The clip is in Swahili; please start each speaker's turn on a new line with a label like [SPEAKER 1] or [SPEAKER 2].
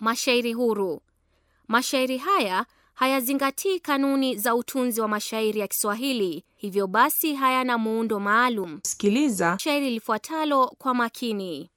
[SPEAKER 1] Mashairi huru. Mashairi haya hayazingatii kanuni za utunzi wa mashairi ya Kiswahili, hivyo basi hayana muundo maalum. Sikiliza shairi lifuatalo kwa makini.